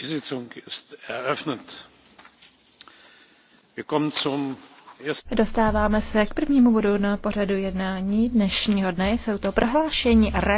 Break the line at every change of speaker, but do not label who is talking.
die sitzung ist eröffnet.
dostáváme se k prvnímu bodu na pořadu jednání dnešního dne jsou to
prohlášení rady a komise